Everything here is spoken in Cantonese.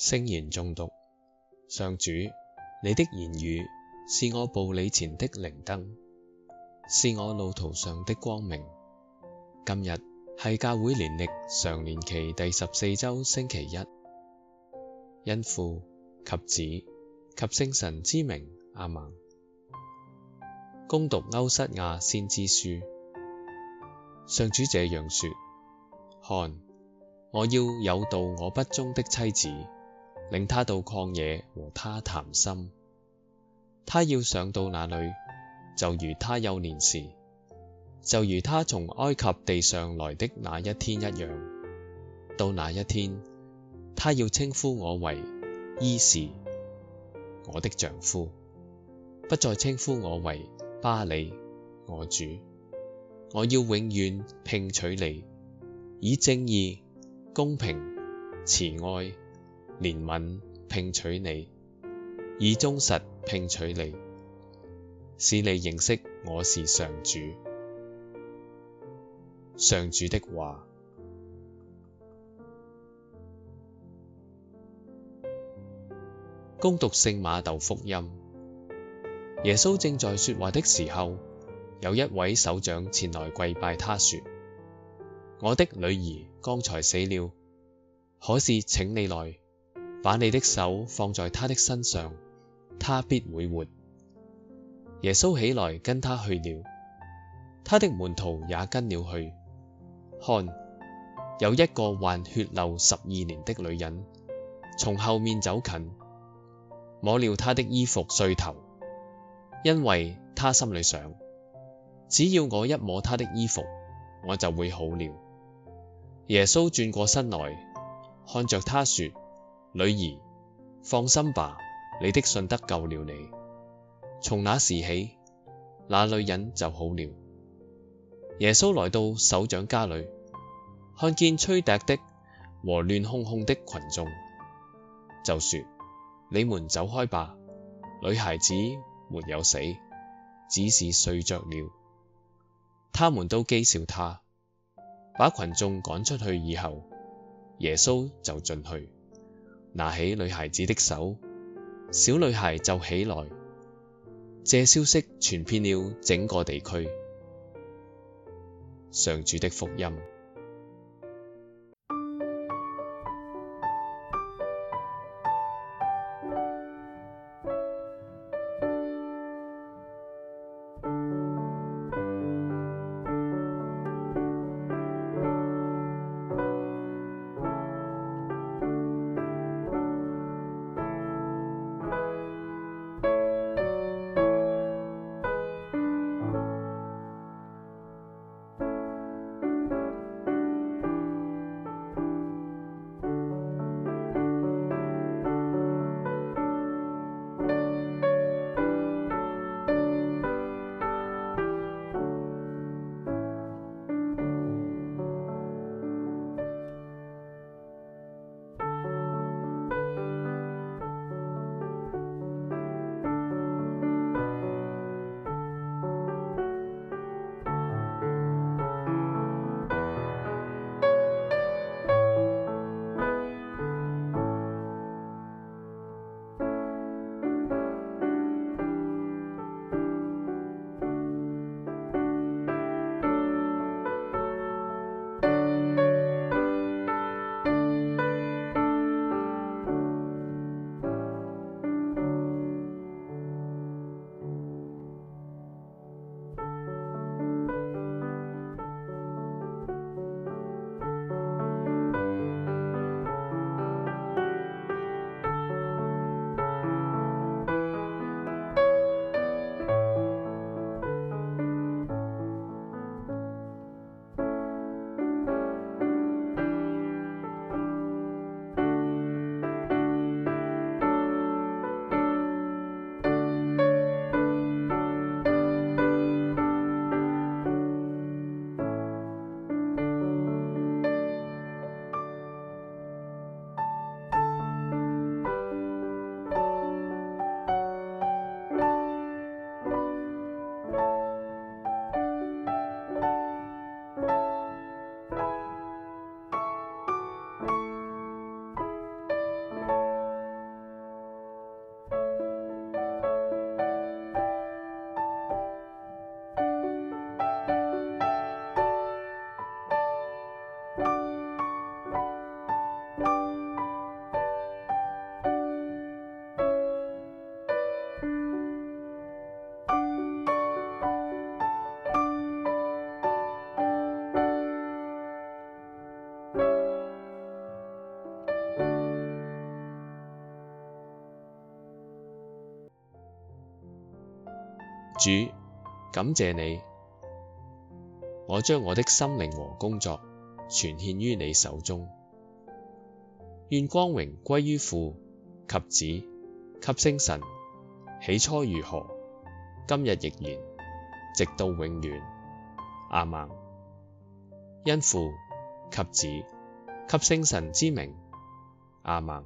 聖言誦讀。上主，你的言語是我步履前的靈燈，是我路途上的光明。今日係教會年曆常年期第十四周星期一，因父及子及聖神之名，阿門。恭讀歐瑟亞先知書，上主這樣說：看，我要誘導我不忠的妻子。令他到曠野和他談心。他要上到那裏，就如他幼年時，就如他從埃及地上來的那一天一樣。到那一天，他要稱呼我為依士，我的丈夫，不再稱呼我為巴里，我主。我要永遠聘娶你，以正義、公平、慈愛。憐憫，聘娶你；以忠實聘娶你，使你認識我是上主。上主的話。恭讀聖瑪竇福音。耶穌正在說話的時候，有一位首長前來跪拜他說：我的女兒剛才死了，可是請你來。把你的手放在他的身上，他必會活。耶穌起來跟他去了，他的門徒也跟了去。看，有一個患血漏十二年的女人，從後面走近，摸了他的衣服繸頭，因為他心裏想，只要我一摸他的衣服，我就會好了。耶穌轉過身來，看着他說。女兒，放心吧，你的信德救了你。從那時起，那女人就好了。耶穌來到首長家裏，看見吹笛的和亂哄哄的群眾，就說：你們走開吧，女孩子沒有死，只是睡着了。他們都譏笑他，把群眾趕出去以後，耶穌就進去，拿起女孩子的手，小女孩就起來。這消息傳遍了整個地區，上主的福音。主，感謝你，我將我的心靈和工作全獻於你手中。願光榮歸於父及子及聖神，起初如何，今日亦然，直到永遠。阿孟，因父及子及聖神之名。阿孟。